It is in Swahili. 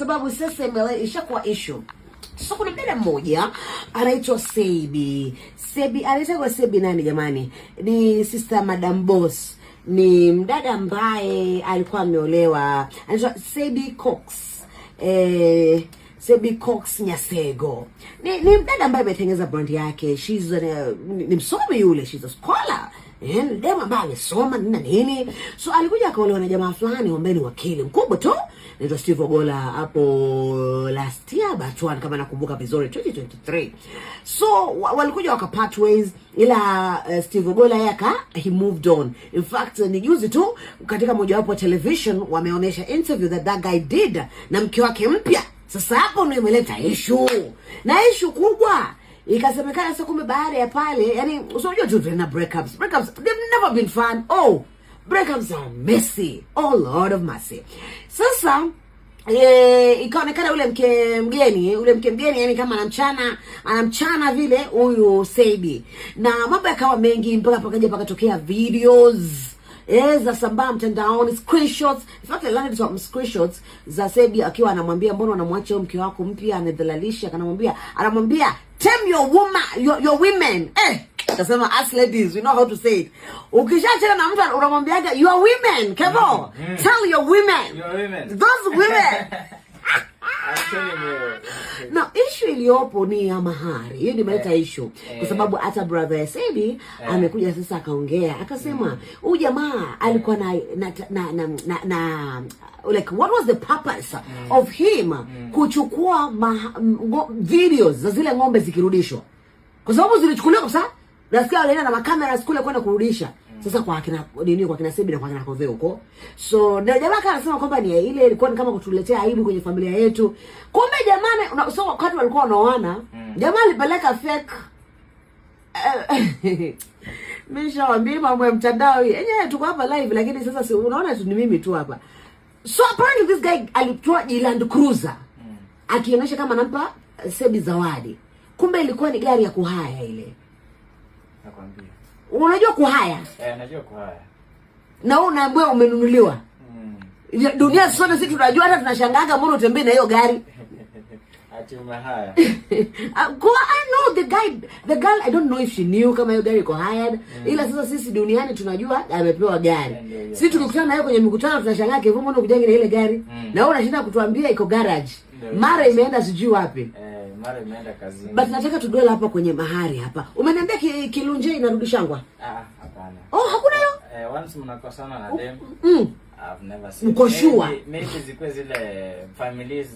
Sababu sasa imele ishakuwa issue. So kuna mdada mmoja anaitwa Sebi. Sebi anaitwa Sebi nani jamani? Ni sister Madam Boss. Ni mdada ambaye alikuwa ameolewa anaitwa Sebi Cox. Eh, Sebi Cox Nyasego. Ni, ni mdada ambaye ametengeneza brand yake. She's ni, ni msomi yule, she's a scholar eh, dema ambaye amesoma nina nini, so alikuja akaolewa na jamaa fulani ambaye ni wakili mkubwa tu, naitwa Steve Ogola, hapo last year Batuan, kama nakumbuka vizuri 2023. So wa, walikuja waka part ways, ila uh, Steve Ogola yeye aka he moved on. In fact ni juzi tu katika mojawapo wa television wameonyesha interview that that guy did na mke wake mpya. Sasa hapo ndio imeleta issue na issue kubwa Ikasemekana sasa kumbe baada ya pale, yani unajua tu tuna breakups. Breakups they've never been fun. Oh, breakups are messy. Oh Lord of mercy. Sasa eh, ikaonekana ule mke mgeni, ule mke mgeni yani kama anamchana, anamchana vile huyu Saidi. Na mambo yakawa mengi mpaka pakaja pakatokea videos eh, za sambaa mtandaoni, screenshots in fact landed some screenshots za Sebi akiwa anamwambia, mbona unamwacha huyo mke wako mpya, anadhalalisha, anamwambia anamwambia tame your woman, your, your women. Eh, tasema us ladies, we know how to say it. Ukishachana na mtu you are women, kevo. Mm, mm, Tell your women. Your women. Those women. issue iliyopo ni ya mahari. Hiyo nimeleta eh, yeah. ishu yeah. kwa eh. sababu hata brother Esedi yeah. amekuja sasa akaongea akasema mm. jamaa alikuwa na na na, na, na, na like what was the purpose mm. of him mm. kuchukua ma, ngo, videos za zile ng'ombe zikirudishwa, kwa sababu zilichukuliwa kabisa, nasikia walienda na makamera skule kwenda kurudisha sasa kwa kina nini, kwa kina Sebi na kwa kina Kove huko. So na jamaa kana anasema kwamba ni ile ilikuwa ni kama kutuletea aibu kwenye familia yetu. Kumbe jamaa so wakati walikuwa wanaoana, mm. jamaa alipeleka fake mimi shawambia mambo ya mtandao hii. Yenyewe tuko hapa live lakini sasa si unaona tu ni mimi tu hapa. So apparently this guy alitoa Land Cruiser. Mm. Akionyesha kama anampa Sebi zawadi. Kumbe ilikuwa ni gari ya kuhaya ile. Nakwambia. Unajua kuhaya? Eh, najua kuhaya. Na wewe unaambiwa umenunuliwa. Mm. Dunia sote sisi tunajua hata tunashangaa mbona utembee na hiyo gari. Ah, kwa I ah, know the guy, the girl I don't know if she knew kama hiyo gari iko hired. Mm. Ila sasa sisi duniani tunajua amepewa gari. Yeah, yeah, yeah. Sisi tukikutana nayo kwenye mikutano tunashangaa kwa mbona ukujanga ile gari. Mm. Na wewe unashinda kutuambia iko garage. Mara imeenda sijui wapi. Yeah. Mara imeenda kazini. But nataka tudwele hapa kwenye mahari hapa. Umeniambia ki, kilunje inarudishangwa? Ah, hapana. Oh, hakuna hiyo? Eh, once mnakosana na oh, them. Mm. I've never seen. Mko sure? Maybe zikwe zile families